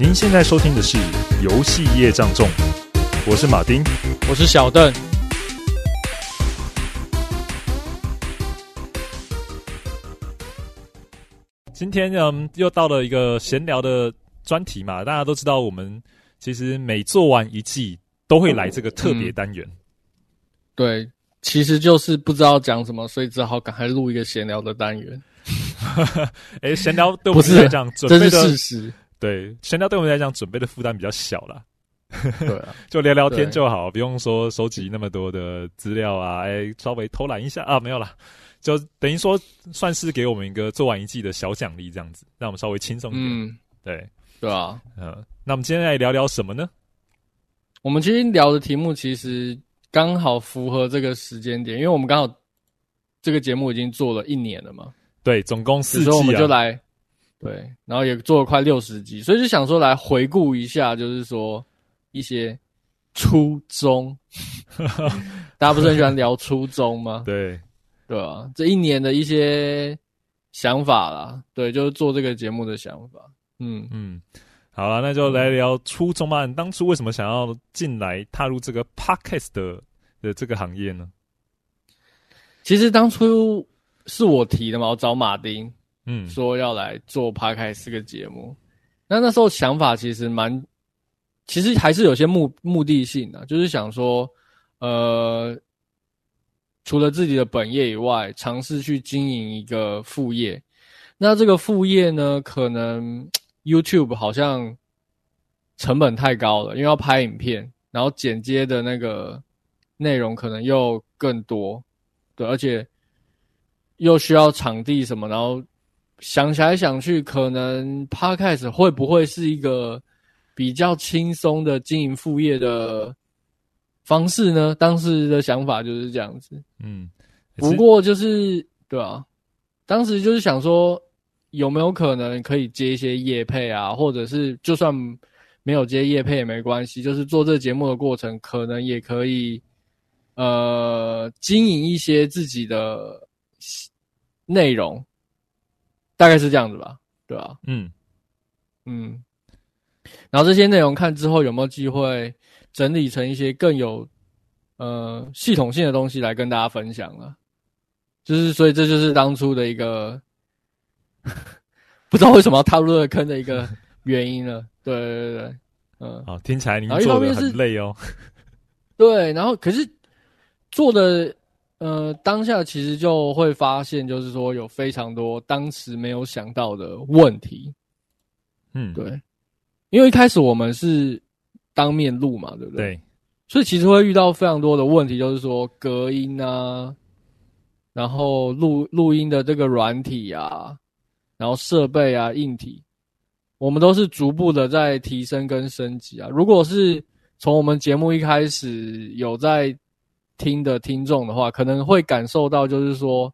您現在收聽的是《遊戲業障重》，我是馬丁，我是小鄧。今天嗯，又到了一個閒聊的專題嘛。大家都知道，我們其實每做完一季都會來這個特別單元、哦嗯。對，其實就是不知道講什麼，所以只好趕快錄一個閒聊的單元。 誒閒聊都不是這樣，不是準備這是事實。對，閒聊對我們來講準備的負擔比較小了，對、啊， 就聊聊天就好，不用說收集那麼多的資料啊，哎、欸，稍微偷懶一下啊，沒有啦，就等於說算是給我們一個做完一季的小獎勵，這樣子讓我們稍微輕鬆一點、嗯，對，對啊，嗯、呃，那我們今天來聊聊什麼呢？我們今天聊的題目其實剛好符合這個時間點，因為我們剛好這個節目已經做了一年了嘛，對，總共四季、啊，我們就來。對，然後也做了快六十集，所以就想說來回顧一下，就是說一些初衷， 大家不是很喜歡聊初衷嗎？ 對，對啊，這一年的一些想法啦，對，就是做這個節目的想法。嗯嗯，好啦，那就來聊初衷吧。你當初為什麼想要進來踏入這個 Podcast 的的這個行業呢？其實當初是我提的嘛，我找馬丁。嗯，說要來做 Podcast 這個節目，那那時候想法其實蠻，其實還是有些目目的性的，啊，就是想說，呃，除了自己的本業以外，嘗試去經營一個副業。那這個副業呢，可能 YouTube 好像成本太高了，因為要拍影片，然後剪接的那個內容可能又更多，對，而且又需要場地什麼，然後。想起來，想去，可能 Podcast 會不會是一個比較輕鬆的經營副業的方式呢？當時的想法就是這樣子。嗯，不過就是，是對啊，當時就是想說，有沒有可能可以接一些業配啊，或者是就算沒有接業配也沒關係，就是做這節目的過程，可能也可以呃經營一些自己的內容。大概是這樣子吧，對吧、啊？嗯嗯，然後這些內容看之後有沒有機會整理成一些更有呃系統性的東西來跟大家分享了、啊。就是所以這就是當初的一個不知道為什麼要踏入這個坑的一個原因了。對對對，對，嗯。好，聽起來你做得很累哦。對，然後可是做的。呃，當下其實就會發現，就是說有非常多當時沒有想到的問題。嗯，對，因為一開始我們是當面錄嘛，對不對？對，所以其實會遇到非常多的問題，就是說隔音啊，然後錄錄音的這個軟體啊，然後設備啊、硬體，我們都是逐步的在提升跟升級啊。如果是從我們節目一開始有在。聽的聽眾的話，可能會感受到，就是說，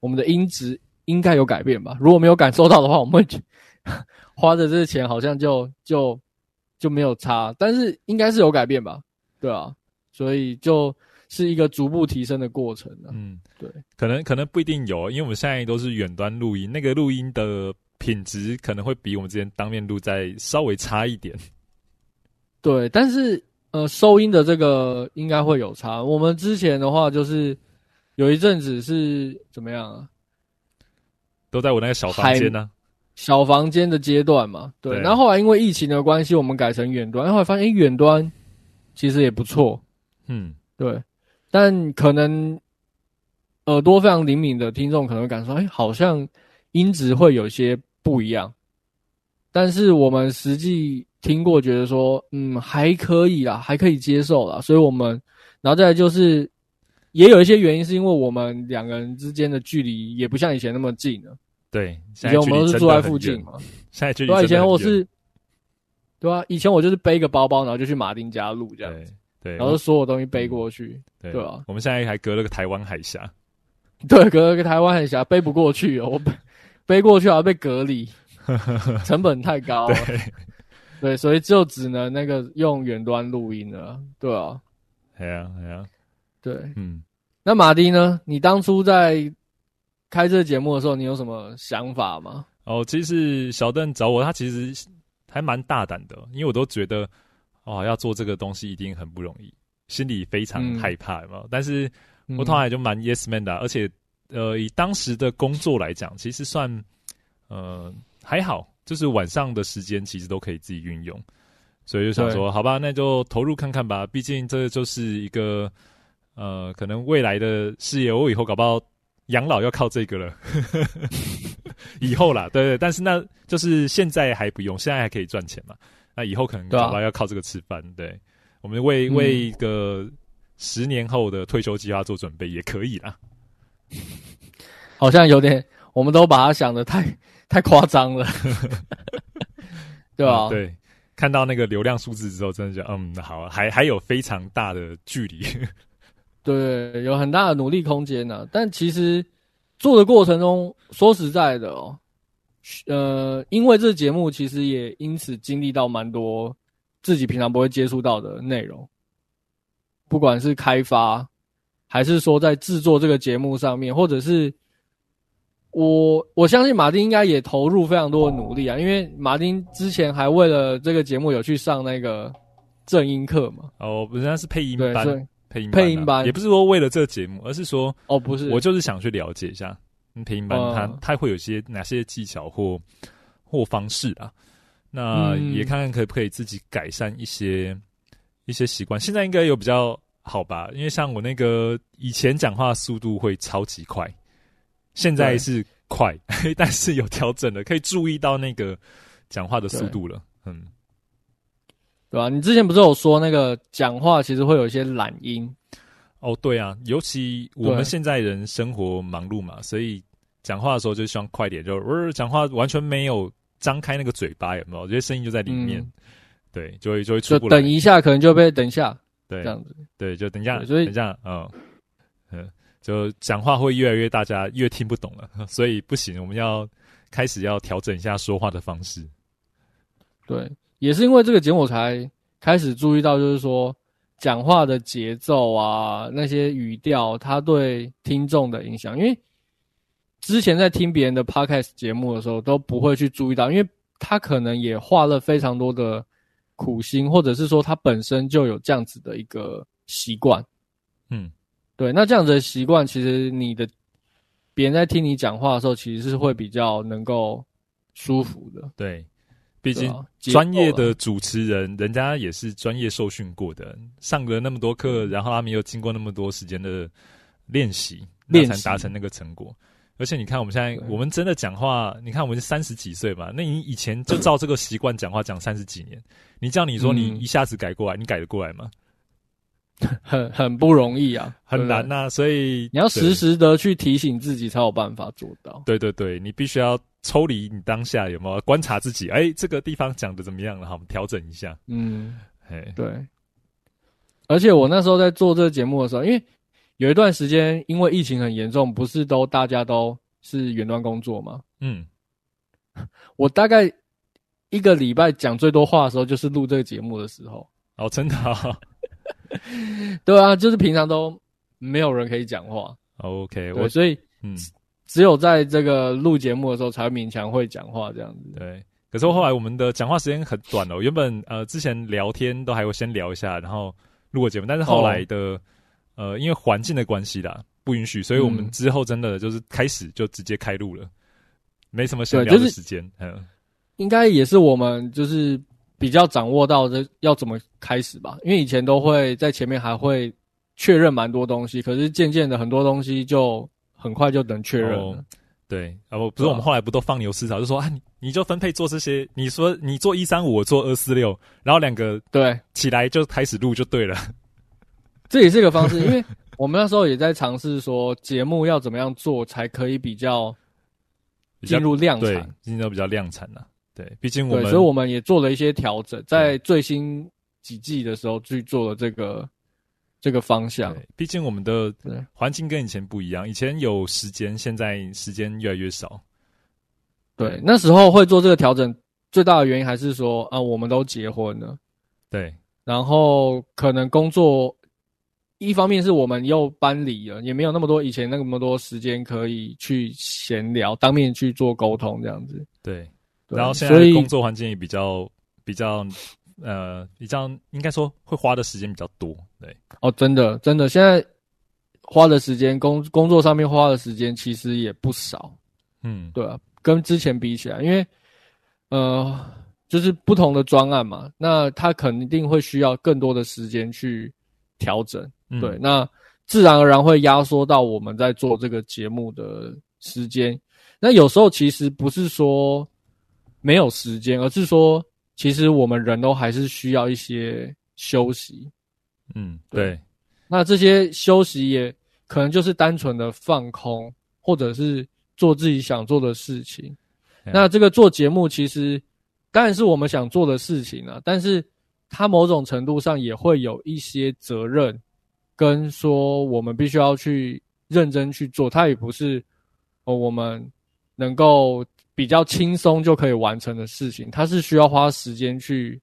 我們的音質應該有改變吧。如果沒有感受到的話，我們會花的這個錢好像就就就沒有差，但是應該是有改變吧？對啊，所以就是一個逐步提升的過程啊。嗯，對，可能可能不一定有，因為我們現在都是遠端錄音，那個錄音的品質可能會比我們之前當面錄在稍微差一點。對，但是。呃，收音的這個應該會有差。我們之前的話就是有一陣子是怎麼樣啊？都在我那個小房間呢、啊。小房間的階段嘛對，對。然後後來因為疫情的關係，我們改成遠端。後來發現，欸、遠端其實也不錯。嗯，對。但可能耳朵非常靈敏的聽眾可能會感受，哎、欸，好像音質會有些不一樣。但是我們實際。聽過，覺得說，嗯，還可以啦，還可以接受啦。所以，我們然後再來就是，也有一些原因，是因為我們兩個人之間的距離也不像以前那麼近了。對，現在以前我們都是住在附近嘛，現在距離對啊，以前我是，對啊，以前我就是背個包包，然後就去馬丁家路這樣子，對，對，然後所有東西背過去，對啊，對。我們現在還隔了個台灣海峽，對，隔了個台灣海峽，背不過去，我背背過去然後被隔離， 成本太高了。對對，所以就只能那個用遠端錄音了，對哦對啊，對啊，啊。對，嗯。那馬丁呢？你當初在開這個節目的時候，你有什麼想法嗎？哦，其實小鄧找我，他其實還蠻大膽的，因為我都覺得哦，要做這個東西一定很不容易，心裡非常害怕嘛、嗯。但是，我突然就蠻 yes man 的、啊嗯，而且，呃，以當時的工作來講，其實算，呃。還好，就是晚上的時間其實都可以自己運用，所以就想說，好吧，那就投入看看吧。畢竟這就是一個呃，可能未來的事業，我以後搞不好養老要靠這個了。呵呵 以後啦，對對，但是那就是現在還不用，現在還可以賺錢嘛。那以後可能搞不好要靠這個吃飯。對、啊、對，我們為為一個十年後的退休計劃做準備、嗯、也可以啦。好像有點，我們都把它想得太。 太誇張了 對吧、啊？對，看到那個流量數字之後，真的就，嗯，好，還還有非常大的距離， 對，有很大的努力空間呢、啊。但其實做的過程中，說實在的哦，呃，因為這個節目其實也因此經歷到蠻多自己平常不會接觸到的內容，不管是開發，還是說在製作這個節目上面，或者是。我我相信馬丁應該也投入非常多的努力啊，因為馬丁之前還為了這個節目有去上那個正音課嘛。哦，人家是，是配音班，配音班、啊、配音班，也不是說為了這個節目，而是說哦不是，我就是想去了解一下配音班它，他、嗯、他會有些哪些技巧或或方式啊？那也看看可不可以自己改善一些、嗯、一些習慣。現在應該有比較好吧，因為像我那個以前講話速度會超級快。現在是快，但是有調整了，可以注意到那個講話的速度了，嗯，對吧、啊？你之前不是有說那個講話其實會有一些懶音？哦，對啊，尤其我們現在人生活忙碌嘛，所以講話的時候就希望快點就，就、呃、是講話完全沒有張開那個嘴巴，有沒有？這些聲音就在裡面，嗯、對，就會就會出不來。等一下，可能就被等一下，對，這樣子，對，就等一下，等一下，嗯。就講話會越來越，大家越聽不懂了，所以不行，我們要開始要調整一下說話的方式。對，也是因為這個節目，我才開始注意到，就是說講話的節奏啊，那些語調，它對聽眾的影響。因為之前在聽別人的 podcast 節目的時候，都不會去注意到，嗯、因為他可能也花了非常多的苦心，或者是說他本身就有這樣子的一個習慣，嗯。對，那這樣子的習慣，其實你的別人在聽你講話的時候，其實是會比較能夠舒服的。嗯、對，畢竟專業的主持人，人家也是專業受訓過的，上了那麼多課，然後他們又經過那麼多時間的練習，練習那才能達成那個成果。而且你看，我們現在我們真的講話，你看我們是三十幾歲吧？那你以前就照這個習慣講話，講三十幾年，嗯，你叫你說你一下子改過來，嗯、你改得過來嗎？ 很很不容易啊，很難吶、啊，所以你要時時的去提醒自己，才有辦法做到。對對對，你必須要抽離你當下有沒有觀察自己？哎、欸，這個地方講得怎麼樣了？好，我們調整一下。嗯，哎，對。而且我那時候在做這個節目的時候，因為有一段時間因為疫情很嚴重，不是都大家都是遠端工作嗎？嗯， 我大概一個禮拜講最多話的時候，就是錄這個節目的時候。哦，真的、哦。 對啊，就是平常都沒有人可以講話。OK，我所以嗯，只有在這個錄節目的時候才勉強會講話這樣子。對，可是後來我們的講話時間很短哦、喔。 原本呃，之前聊天都還會先聊一下，然後錄個節目。但是後來的、oh. 呃，因為環境的關係啦，不允許，所以我們之後真的就是開始就直接開錄了、嗯，沒什麼先聊的時間、就是嗯。應該也是我們就是。比較掌握到這要怎麼開始吧，因為以前都會在前面還會確認蠻多東西，可是漸漸的很多東西就很快就能確認了、哦、對，啊不不是我們後來不都放牛吃草，就說啊你，你就分配做這些，你說你做一三五，我做二四六，然後兩個對起來就開始錄就對了。對 這也是一個方式，因為我們那時候也在嘗試說節目要怎麼樣做才可以比較進入量產，進入比較量產了、啊。對，畢竟我們，對，所以我們也做了一些調整，在最新幾季的時候去做了這個這個方向。對，畢竟我們的環境跟以前不一樣，以前有時間，現在時間越來越少。對，那時候會做這個調整，最大的原因還是說啊，我們都結婚了。對，然後可能工作，一方面是我們又搬離了，也沒有那麼多以前那麼多時間可以去閒聊、當面去做溝通這樣子。對。然後現在工作環境也比較比較，呃，比較應該說會花的時間比較多，對哦，真的真的，現在花的時間，工工作上面花的時間其實也不少，嗯，對啊，跟之前比起來，因為呃，就是不同的專案嘛，那他肯定會需要更多的時間去調整，嗯，對，那自然而然會壓縮到我們在做這個節目的時間，那有時候其實不是說。沒有時間，而是說，其實我們人都還是需要一些休息。嗯對，對。那這些休息也可能就是單純的放空，或者是做自己想做的事情。嗯、那這個做節目，其實當然是我們想做的事情了、啊，但是它某種程度上也會有一些責任，跟說我們必須要去認真去做。它也不是，哦，我們能夠。比較輕鬆就可以完成的事情，它是需要花時間去，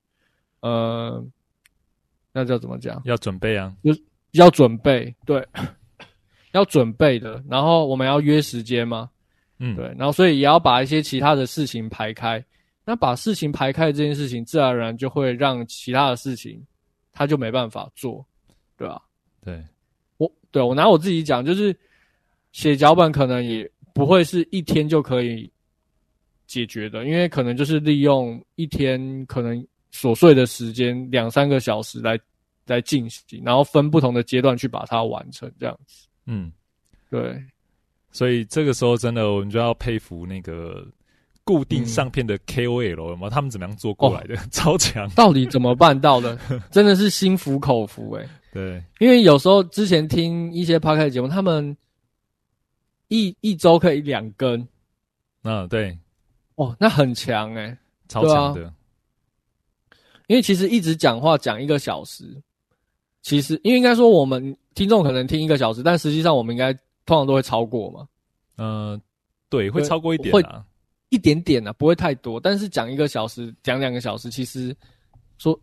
呃，那叫怎麼講？要準備啊，就是、要準備，對，要準備的。然後我們要約時間嘛，嗯，對。然後所以也要把一些其他的事情排開。那把事情排開這件事情，自然而然就會讓其他的事情他就沒辦法做，對吧、啊？對，我，對，我拿我自己講，就是寫腳本可能也不會是一天就可以。解決的，因為可能就是利用一天可能瑣碎的時間，兩三個小時來來進行，然後分不同的階段去把它完成這樣子。嗯，對。所以這個時候真的，我們就要佩服那個固定上片的 KOL，有，沒有、嗯、他們怎麼樣做過來的？哦、超強！到底怎麼辦到的？ 真的是心服口服哎、欸。對，因為有時候之前聽一些 Podcast 的節目，他們一一周可以兩更。嗯、啊，對。哦，那很強哎、欸，超強的對、啊。因為其實一直講話講一個小時，其實因為應該說我們聽眾可能聽一個小時，但實際上我們應該通常都會超過嘛。嗯、呃，對，會超過一點啊會，一點點啊，不會太多。但是講一個小時，講兩個小時，其實說，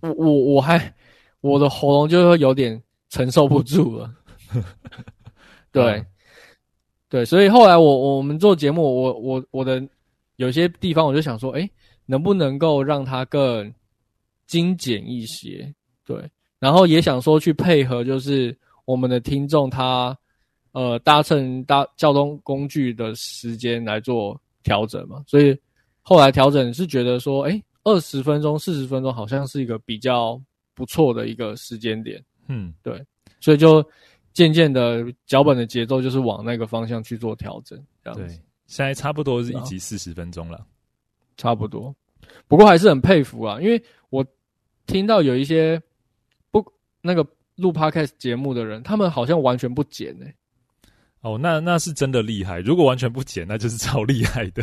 我我我還我的喉嚨就會有點承受不住了。 對、嗯，對，所以後來我我們做節目，我我我的。有些地方我就想說，哎，能不能夠讓它更精簡一些？對，然後也想說去配合，就是我們的聽眾他，呃，搭乘搭，搭交通工具的時間來做調整嘛。所以後來調整是覺得說，哎，二十分鐘、四十分鐘好像是一個比較不錯的一個時間點。嗯，對，所以就漸漸的腳本的節奏就是往那個方向去做調整，這樣子。現在差不多是一集四十分鐘了，嗯，差不多。不過還是很佩服啊，因為我聽到有一些不那個錄 podcast 節目的人，他們好像完全不剪呢，欸。哦，那那是真的厲害。如果完全不剪，那就是超厲害的。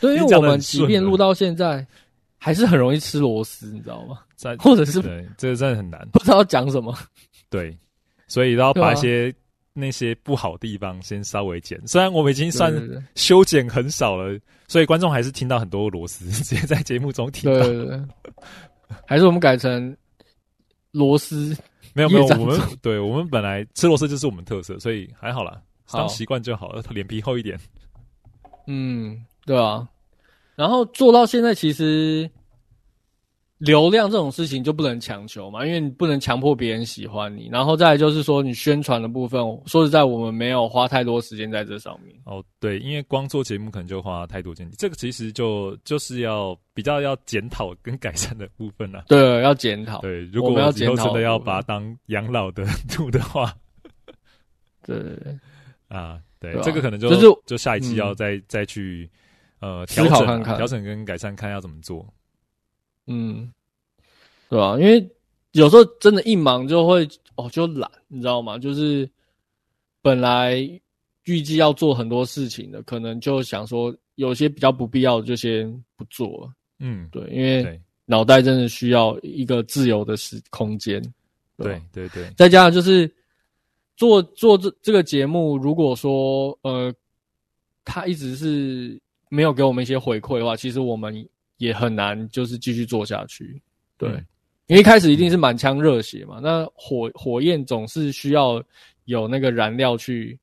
對，因為我們即便錄到現在， 還是很容易吃螺絲，你知道嗎？或者是對，這個真的很難，不知道講什麼。對，所以然後要把一些。那些不好地方先稍微剪，雖然我們已經算修剪很少了，所以觀眾還是聽到很多螺絲直接在節目中聽到。還是我們改成螺絲？沒有沒有，我們對我們本來吃螺絲就是我們特色，所以還好啦，當習慣就好了，臉皮厚一點。嗯，對啊。然後做到現在，其實。流量這種事情就不能強求嘛，因為你不能強迫別人喜歡你。然後再來就是說，你宣傳的部分，說實在，我們沒有花太多時間在這上面。哦，對，因為光做節目可能就花太多精力，這個其實就就是要比較要檢討跟改善的部分了。啊。對，要檢討。對，如果我要以後真的要把它當養老的度的話，嗯、 對，對，對，對，啊，對，對這個可能就、就是就下一期要再、嗯、再去呃調整，調整跟改善，看要怎麼做。嗯，對啊？因為有時候真的，一忙就會哦，就懶，你知道嗎？就是本來預計要做很多事情的，可能就想說，有些比較不必要的就先不做了。嗯，對，因為腦袋真的需要一個自由的時空間。對對對，再加上就是做做這這個節目，如果說呃，他一直是沒有給我們一些回饋的話，其實我們。也很難，就是繼續做下去，對，嗯、因為一開始一定是滿腔熱血嘛，嗯、那火火焰總是需要有那個燃料去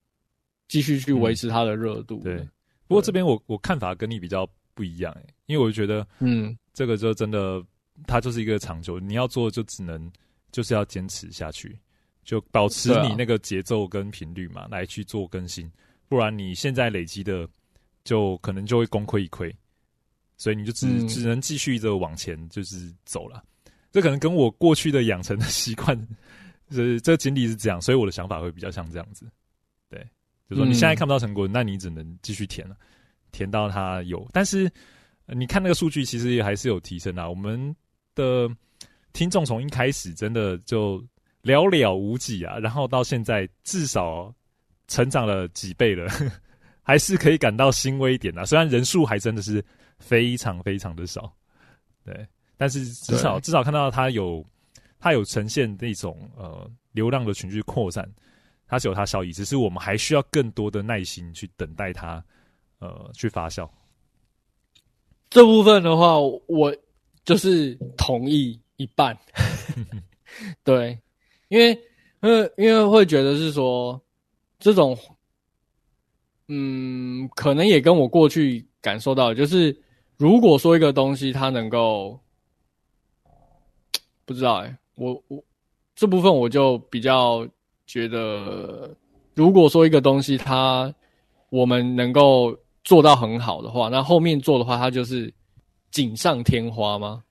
繼續去維持它的熱度、嗯對，對。不過這邊我我看法跟你比較不一樣、欸，因為我覺得，嗯，這個就真的、嗯、它就是一個長久，你要做就只能就是要堅持下去，就保持你那個節奏跟頻率嘛、啊，來去做更新，不然你現在累積的就可能就會功虧一簣。所以你就只只能繼續着往前就是走了，這可能跟我過去的養成的習慣，這井底是這樣，所以我的想法會比較像這樣子，對，就是說你現在看不到成果，那你只能繼續填了、啊，填到它有。但是你看那個數據，其實也還是有提升啊。我們的聽眾從一開始真的就寥寥無幾啊，然後到現在至少成長了幾倍了，還是可以感到欣慰一點的、啊。雖然人數還真的是。非常非常的少，對，但是至少至少看到它有它有呈現那種呃，流浪的群聚擴散，它是有它效益，只是我們還需要更多的耐心去等待它呃去發酵。這部分的話，我就是同意一半， 對，因為因為因為會覺得是說這種，嗯，可能也跟我過去感受到的就是。如果說一個東西它能夠，不知道哎、欸，我我這部分我就比較覺得，如果說一個東西它我們能夠做到很好的話，那後面做的話它就是錦上添花嗎？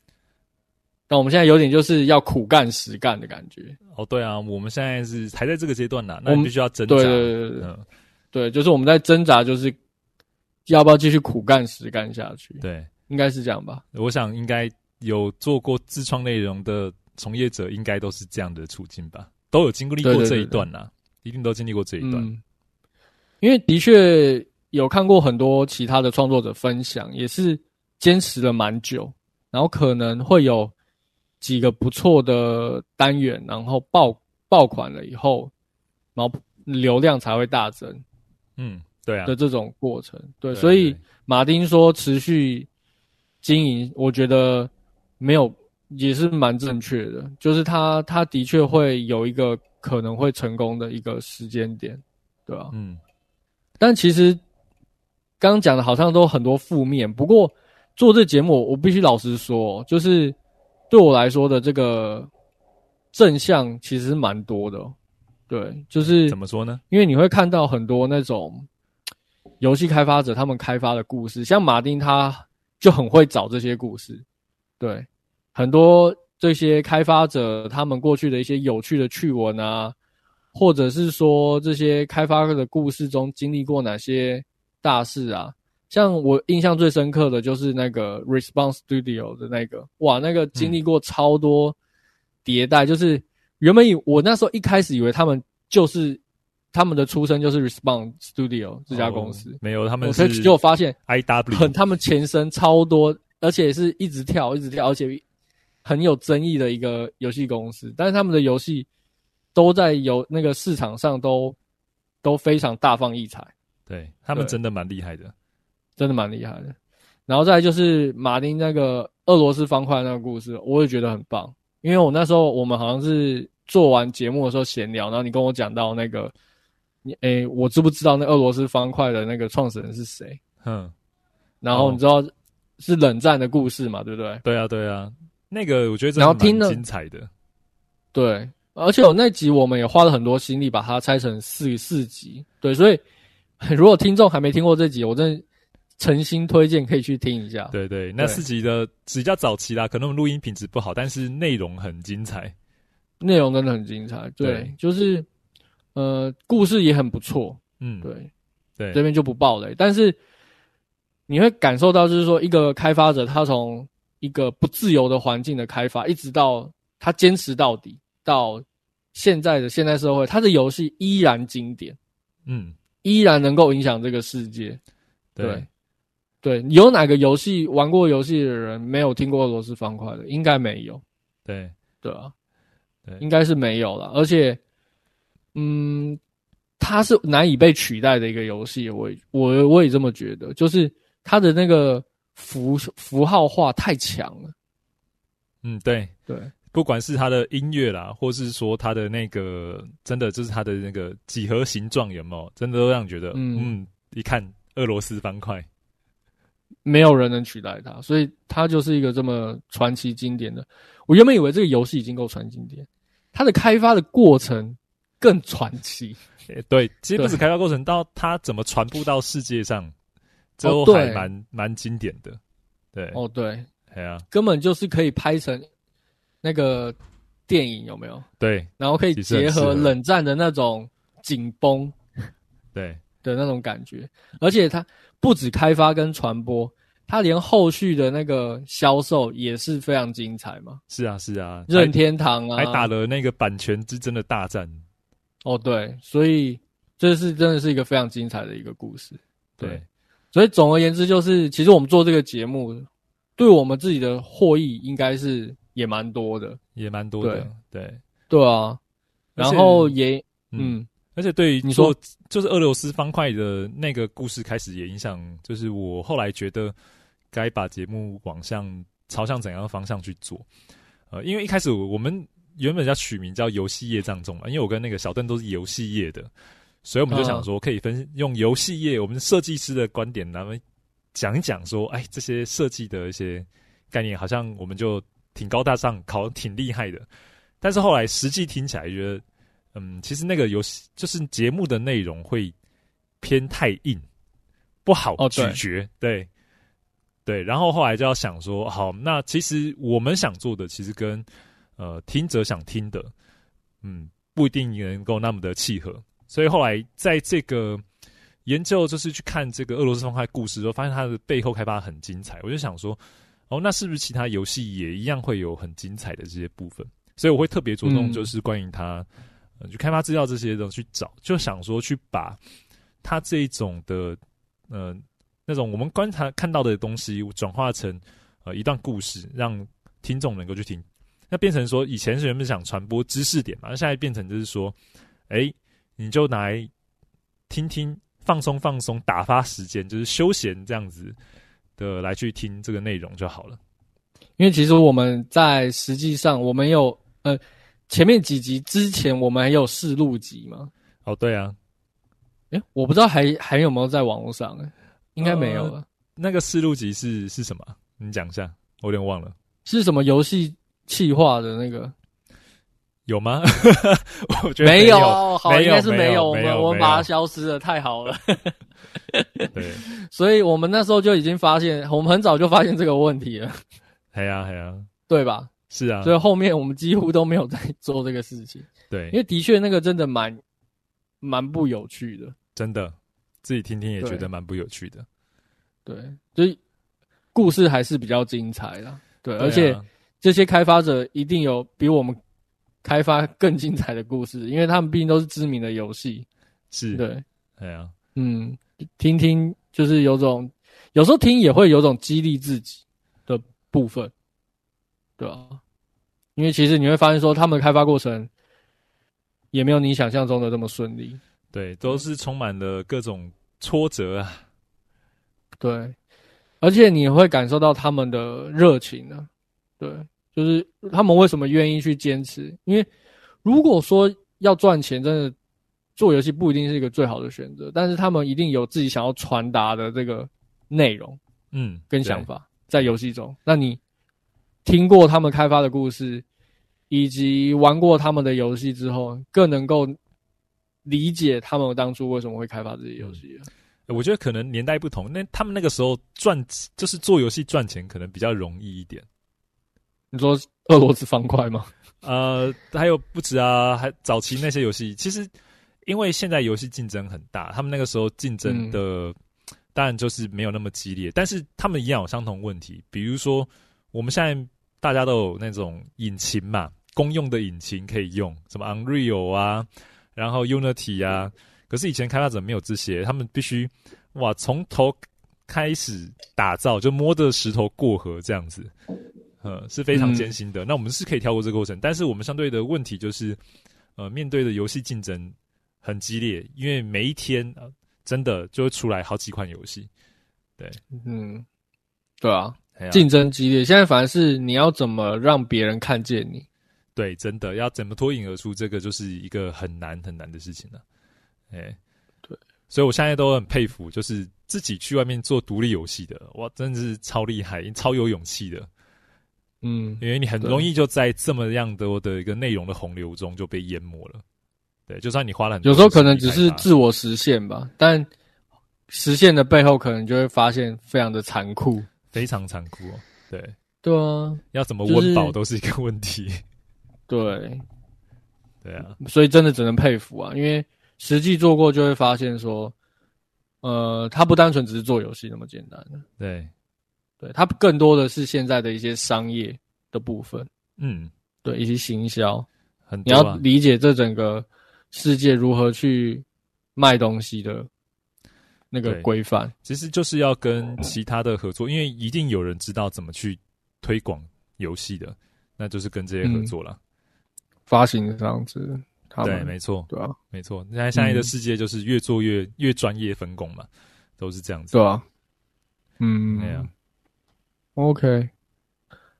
那我們現在有點就是要苦幹實幹的感覺。哦，對啊，我們現在是還在這個階段呢，那我們必須要掙扎。對對對對，對，就是我們在掙扎，就是。要不要繼續苦幹實幹下去？對，應該是這樣吧。我想，應該有做過自創內容的從業者，應該都是這樣的處境吧？都有經歷過這一段吶、啊，一定都經歷過這一段。嗯，因為的確有看過很多其他的創作者分享，也是堅持了蠻久，然後可能會有幾個不錯的單元，然後爆爆款了以後，然後流量才會大增。嗯。對啊，的，這種過程對，對，對，對，所以馬丁說持續經營，我覺得沒有也是蠻正確的，就是他他的確會有一個可能會成功的一個時間點，對吧？啊？嗯，但其實剛剛講的好像都很多負面，不過做這節目我，我必須老實說哦，就是對我來說的這個正向其實是蠻多的，對，就是怎麼說呢？因為你會看到很多那種。遊戲開發者他們開發的故事，像馬丁他就很會找這些故事，對，很多這些開發者他們過去的一些有趣的趣聞啊，或者是說這些開發者的故事中經歷過哪些大事啊，像我印象最深刻的就是那個 Response Studio 的那個，哇，那個經歷過超多迭代、嗯，就是原本以我那時候一開始以為他們就是。他們的出身就是 Respawn Studio 這、oh, 家公司，沒有他們是，所以我發現 I W 很，他們前身超多，而且是一直跳，一直跳，而且很有爭議的一個遊戲公司，但是他們的遊戲都在遊那個市場上都都非常大放異彩，對，他們真的蠻厲害的，真的蠻厲害的。然後再來就是馬丁那個俄羅斯方塊的那個故事，我也覺得很棒，因為我那時候我們好像是做完節目的時候閒聊，然後你跟我講到那個。你、欸、誒，我知不知道那俄羅斯方塊的那個創始人是誰？嗯，然後你知道是冷戰的故事嘛，哦、對不對？對啊，對啊，那個我覺得真的挺精彩的，對，而且我那集我們也花了很多心力把它拆成四四集，對，所以如果聽眾還沒聽過這集，我真的誠心推薦可以去聽一下。對對，那四集的比較早期啦，可能錄音品質不好，但是內容很精彩，內容真的很精彩，對，對就是。呃，故事也很不錯，嗯，對，對，這邊就不暴雷。但是你會感受到，就是說，一個開發者他從一個不自由的環境的開發，一直到他堅持到底，到現在的現代社會，他的遊戲依然經典，嗯，依然能夠影響這個世界。對，對，對，有哪個遊戲玩過遊戲的人沒有聽過俄羅斯方塊的？應該沒有。對，對啊，對，應該是沒有了。而且。嗯，它是難以被取代的一個遊戲，我我我也這麼覺得，就是它的那個符符號化太強了。嗯，對對，不管是它的音樂啦，或是說它的那個，真的就是它的那個幾何形狀，有沒有？真的都讓你覺得，嗯，嗯一看俄羅斯方塊，沒有人能取代它，所以它就是一個這麼傳奇經典的。我原本以為這個遊戲已經夠傳經典，它的開發的過程。更傳奇、欸，對，其實不止開發過程，到它怎麼傳播到世界上，都還蠻蠻、哦、經典的。對，哦對，哎呀、啊，根本就是可以拍成那個電影，有沒有？對，然後可以結合冷戰的那種緊繃，對的那種感覺，而且它不止開發跟傳播，它連後續的那個銷售也是非常精彩嘛。是啊，是啊，任天堂啊，還打了那個版權之爭的大戰。哦、oh，對，所以這，就是真的是一個非常精彩的一個故事，對。對，所以總而言之，就是其實我們做這個節目，對我們自己的獲益應該是也蠻多的，也蠻多的，對，對，對啊。然後也，嗯，而且對於說你說，就是俄羅斯方塊的那個故事開始也影響，就是我後來覺得該把節目往向朝向怎樣的方向去做，呃，因為一開始我們。原本叫取名叫遊戲業障重啊，因為我跟那個小鄧都是遊戲業的，所以我們就想說可以分用遊戲業，我們設計師的觀點來講一講，說哎，這些設計的一些概念，好像我們就挺高大上，考挺厲害的。但是後來實際聽起來覺得，嗯，其實那個遊戲就是節目的內容會偏太硬，不好咀嚼，哦。對，對，然後後來就要想說，好，那其實我們想做的其實跟。呃，聽者想聽的，嗯，不一定能夠那麼的契合。所以後來在這個研究，就是去看這個俄羅斯方塊故事的時候，發現它的背後開發很精彩。我就想說，哦，那是不是其他遊戲也一樣會有很精彩的這些部分？所以我會特別着重就是關於它，嗯，呃，去開發資料這些的去找，就想說去把它這一種的，嗯，呃，那種我們觀察看到的東西轉化成呃一段故事，讓聽眾能夠去聽。那變成說，以前是原本想傳播知識點嘛，那現在變成就是說，哎、欸，你就拿來聽聽，放鬆放鬆，打發時間，就是休閒這樣子的來去聽這個內容就好了。因為其實我們在實際上，我們有呃前面幾集之前，我們還有試錄集嘛。哦，對啊。哎、欸，我不知道還還有沒有在網絡上，應該沒有了。呃、那個試錄集是是什麼？你講一下，我有點忘了。是什麼遊戲？氣化的那個有嗎？ 我覺得沒有，沒有，好，應該是沒有，沒有。我們我們把它消失了，太好了。 對，所以我們那時候就已經發現，我們很早就發現這個問題了。對呀、啊，對呀、啊，對吧？是啊，所以後面我們幾乎都沒有在做這個事情。對，因為的確那個真的蠻蠻不有趣的，真的自己聽聽也覺得蠻不有趣的。對，所以故事還是比較精彩的。對，對、啊，而且。這些開發者一定有比我們開發更精彩的故事，因為他們畢竟都是知名的遊戲，是對，對、哎、啊，嗯，聽聽就是有種，有時候聽也會有種激勵自己的部分，對啊，因為其實你會發現，說他們的開發過程也沒有你想象中的那麼順利，對，都是充滿了各種挫折啊，對，而且你會感受到他們的熱情啊。對。就是他們為什麼願意去堅持？因為如果說要賺錢，真的做遊戲不一定是一個最好的選擇。但是他們一定有自己想要傳達的這個內容，嗯，跟想法在遊戲中、嗯。那你聽過他們開發的故事，以及玩過他們的遊戲之後，更能夠理解他們當初為什麼會開發這些遊戲。我覺得可能年代不同，那他們那個時候賺就是做遊戲賺錢，可能比較容易一點。你說俄羅斯方塊嗎？呃，還有不止啊，還早期那些遊戲，其實因為現在遊戲競爭很大，他們那個時候競爭的當然就是沒有那麼激烈，嗯。但是他們一樣有相同問題。比如說，我們現在大家都有那種引擎嘛，公用的引擎可以用，什麼 Unreal 啊，然後 Unity 啊。可是以前開發者沒有這些，他們必須哇從頭開始打造，就摸着石頭過河這樣子。呃、嗯，是非常艱辛的、嗯。那我們是可以跳過這個過程，但是我們相對的問題就是，呃，面對的遊戲競爭很激烈，因為每一天、呃、真的就會出來好幾款遊戲。對，嗯，對啊，競爭激烈。現在反而是你要怎麼讓別人看見你，對，真的要怎麼脫穎而出，這個就是一個很難很難的事情了、啊。哎、欸，對，所以我現在都很佩服，就是自己去外面做獨立遊戲的，哇，真的是超厲害，超有勇氣的。嗯，因為你很容易就在這麼樣多的一個內容的洪流中就被淹沒了。對，就算你花了很多，有時候可能只是自我實現吧，但實現的背後可能就會發現非常的殘酷，非常殘酷啊。對，對啊，要怎麼溫飽都是一個問題。對， 對啊，所以真的只能佩服啊，因為實際做過就會發現說，呃，他不單純只是做遊戲那麼簡單。對。對，它更多的是現在的一些商業的部分，嗯，對，一些行銷很多，啊，你要理解這整個世界如何去賣東西的那個規範，其實就是要跟其他的合作，因為一定有人知道怎麼去推廣遊戲的，那就是跟這些合作啦，嗯，發行這樣子，對，沒錯，對啊，沒錯，現在、現在的世界就是越做越，嗯、越專業分工嘛，都是這樣子，對啊，嗯，沒有，啊。OK，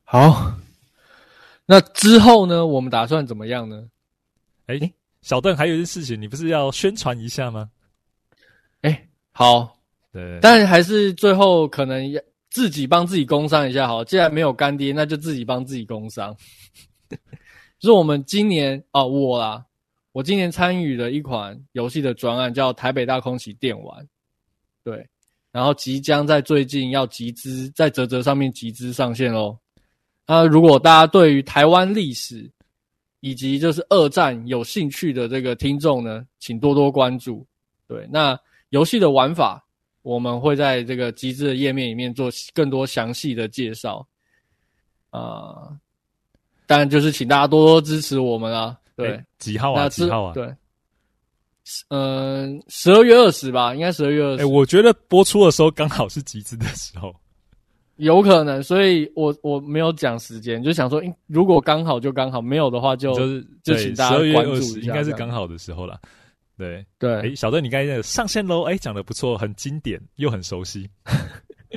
好，那之後呢？我們打算怎麼樣呢？哎、欸，小鄧還有一件事情，你不是要宣傳一下嗎？哎、欸，好，對,對，但還是最後可能要自己幫自己工商一下好。既然沒有乾爹，那就自己幫自己工商。 就是我們今年啊、哦，我啦，我今年參與了一款遊戲的專案，叫台北大空襲電玩，對。然後即將在最近要集資，在嘖嘖上面集資上線咯。那、啊、如果大家對於台灣歷史以及就是二戰有興趣的這個聽眾呢，請多多關注。對，那遊戲的玩法我們會在這個集資的頁面裡面做更多詳細的介紹。啊、呃，當然就是請大家多多支持我們啊。對，幾號啊？幾號啊？號啊，對。嗯，十二月二十吧，應該十二月二十、欸。我覺得播出的時候剛好是集資的時候，有可能。所以我，我我沒有講時間，就想說，如果剛好就剛好，沒有的話就就是就請大家關注一下，12月20應該是剛好的時候了。對對，哎、欸，小隊，你剛才上線嘍！哎、欸，講得不錯，很經典又很熟悉。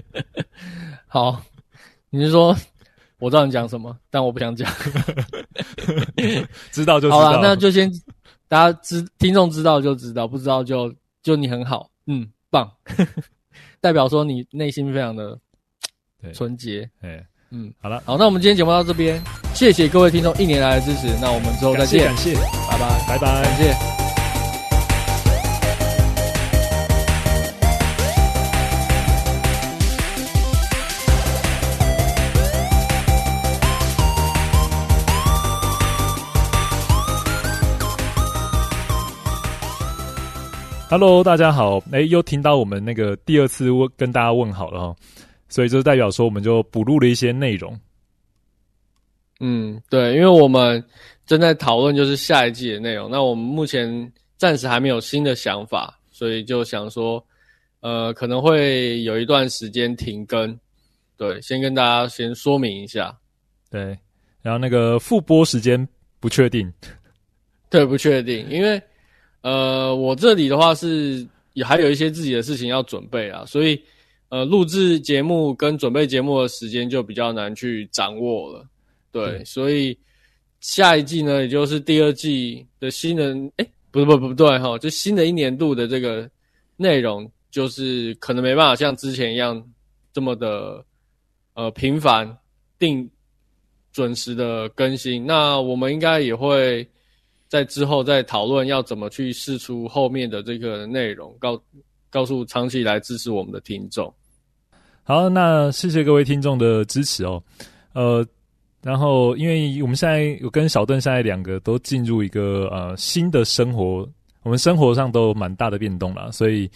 好，你是說我知道你講什麼，但我不想講。 知道就知道好啦，那就先。大家知聽眾知道就知道，不知道就就你很好，嗯，棒，呵呵，代表說你內心非常的純潔，哎，嗯，好了，好，那我們今天節目到這邊，謝謝各位聽眾一年來的支持，那我們之後再見，感謝，感謝，拜拜，拜拜，感謝。哈嘍，大家好！誒，又聽到我們那個第二次問跟大家問好了齁，所以就代表說我們就補錄了一些內容。嗯，對，因為我們正在討論就是下一季的內容，那我們目前暫時還沒有新的想法，所以就想說，呃，可能會有一段時間停更，對，先跟大家先說明一下。對，然後那個復播時間不確定。對，不確定，因為。呃，我這裡的話是也還有一些自己的事情要準備啊，所以，呃，錄製節目跟準備節目的時間就比較難去掌握了，對，嗯，所以下一季呢，也就是第二季的新人，哎、欸，不不不，不對哈、哦，就新的一年度的這個內容，就是可能沒辦法像之前一樣這麼的呃頻繁定準時的更新，那我們應該也會。在之後再討論要怎麼去釋出後面的這個內容，告告訴長期以來支持我們的聽眾。好，那謝謝各位聽眾的支持哦。呃，然後因為我們現在我跟小鄧現在兩個都進入一個呃新的生活，我們生活上都有蠻大的變動啦，所以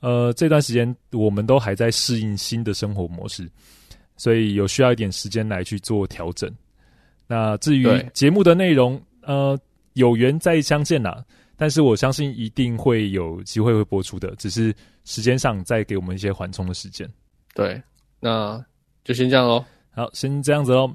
呃這段時間我們都還在適應新的生活模式，所以有需要一點時間來去做調整。那至於節目的內容，呃。有緣再相見啦、啊，但是我相信一定會有機會會播出的，只是時間上再給我們一些緩衝的時間。對，那就先這樣嘍。好，先這樣子嘍。